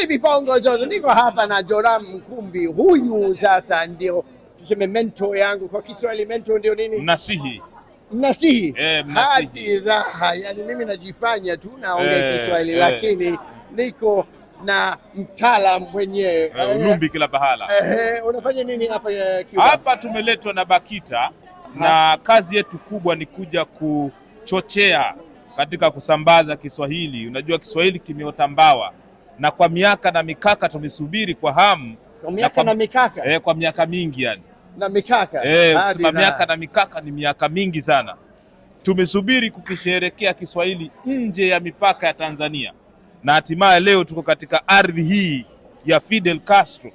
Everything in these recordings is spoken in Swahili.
mimi Pongo zote niko hapa na Joram mkumbi huyu sasa ndio tuseme mentor yangu kwa Kiswahili. Mentor ndio nini? Nasihi. Nasihi. eh, hadi raha. Yani mimi najifanya tu naongea eh, Kiswahili eh, lakini niko na mtaalam mwenyewe eh, ulumbi kila pahala eh. eh, eh unafanya nini hapa Cuba? Eh, hapa tumeletwa na BAKITA ha. Na kazi yetu kubwa ni kuja kuchochea katika kusambaza Kiswahili. Unajua Kiswahili kimeota mbawa na kwa miaka na mikaka tumesubiri kwa hamu kwa miaka na, kwa, na mikaka eh, kwa miaka mingi yani na mikaka eh, kusema miaka na mikaka ni miaka mingi sana tumesubiri kukisherekea Kiswahili nje ya mipaka ya Tanzania, na hatimaye leo tuko katika ardhi hii ya Fidel Castro,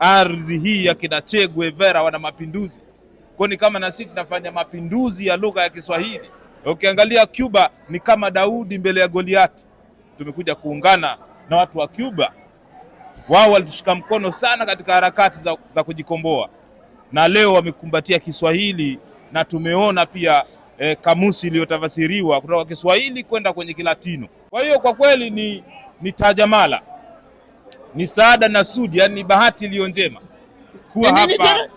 ardhi hii ya kina Che Guevara, wana mapinduzi Kwa Ni kama na sisi tunafanya mapinduzi ya lugha ya Kiswahili. Ukiangalia Cuba ni kama Daudi mbele ya Goliati, tumekuja kuungana na watu wa Cuba. Wao walitushika mkono sana katika harakati za, za kujikomboa na leo wamekumbatia Kiswahili na tumeona pia e, kamusi iliyotafasiriwa kutoka Kiswahili kwenda kwenye Kilatino. Kwa hiyo kwa kweli ni, ni tajamala ni saada na sudi, yani ni bahati iliyo njema kuwa hapa.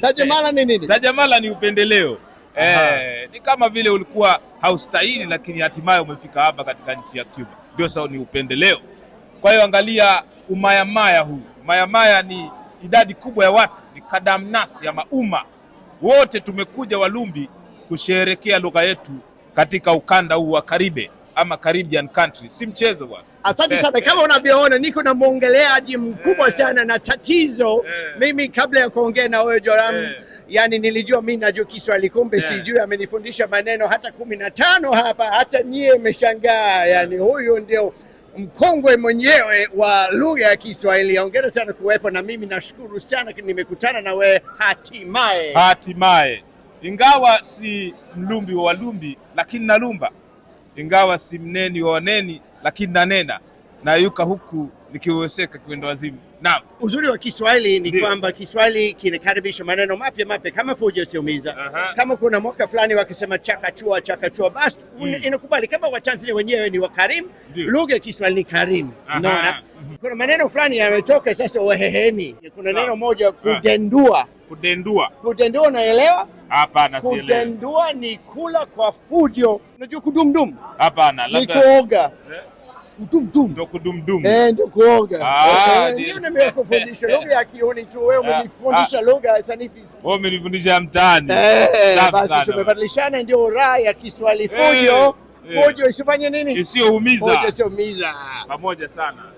Tajamala ni nini? Tajamala ni upendeleo eh, ni kama vile ulikuwa haustahili, lakini hatimaye umefika hapa katika nchi ya Cuba. Ndio sawa, ni upendeleo. Kwa hiyo angalia umayamaya huu. Umayamaya ni idadi kubwa ya watu, ni kadamnasi ama umma wote, tumekuja Walumbi kusherekea lugha yetu katika ukanda huu wa Karibe ama Caribbean country, si mchezo bwana. Asante sana. Kama unavyoona niko na mwongeleaji mkubwa eh. sana na tatizo eh. mimi, kabla ya kuongea na wewe Joram, eh. yani nilijua mimi najua Kiswahili, kumbe sijui. Amenifundisha maneno hata kumi na tano hapa, hata nyie imeshangaa. Yani huyu ndio mkongwe mwenyewe wa lugha ya Kiswahili. ongera sana kuwepo na mimi, nashukuru sana nimekutana na wewe hatimaye. Hatimaye, ingawa si mlumbi wa walumbi, lakini nalumba ingawa si mneni wa waneni lakini nanena nayuka huku nikiweseka kiwendo wazimu. Naam, uzuri wa Kiswahili ni kwamba Kiswahili kinakaribisha maneno mapya mapya kama fujo usiumiza. uh -huh. Kama kuna mwaka fulani wakisema chakachua chakachua, basi mm. inakubali. Kama Watanzania wenyewe ni wakarimu, lugha ya Kiswahili ni karimu. uh mm-hmm. -huh. kuna maneno fulani yametoka sasa, waheheni. Kuna neno moja kudendua Kudendua, kudendua, unaelewa? Hapana, sielewi. Kudendua ni kula kwa fujo. Unajua kudumdum? Hapana, labda ni kuoga. Eh? Kudumdum ndo kudumdum, eh, ndo kuoga. Ah, eh, ndio eh, nimekufundisha lugha ya Kioni tu, wewe ah, umenifundisha ah. lugha sanifu. Wewe umenifundisha mtaani. Basi tumebadilishana, ndio raha ya Kiswahili. Fujo, fujo isifanye nini? Isiyoumiza. Fujo isiyoumiza. Pamoja sana.